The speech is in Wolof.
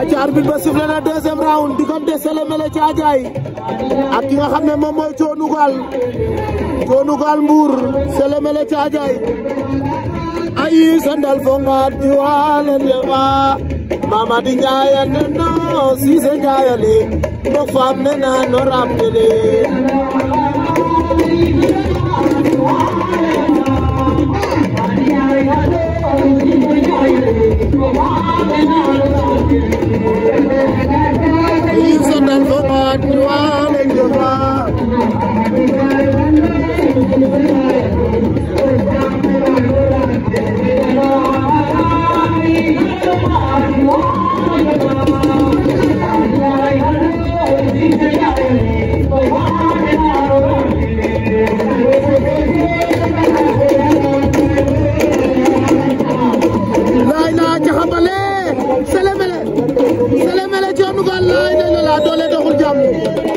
aca arbitre ba sifflé na deuxième diggante Sélé Mélé ak ki nga xam ne moom mooy Coono Gaal Coono Gaal Mbuur Sélé Mélé Caajaay ayi sandal fo ngaat ji waalen yewa Siise Njaay ale no faam ne na no raam Laila Jahabale! Sele Mele Sele Mele Thione Ngol laay la doole doxul jàmm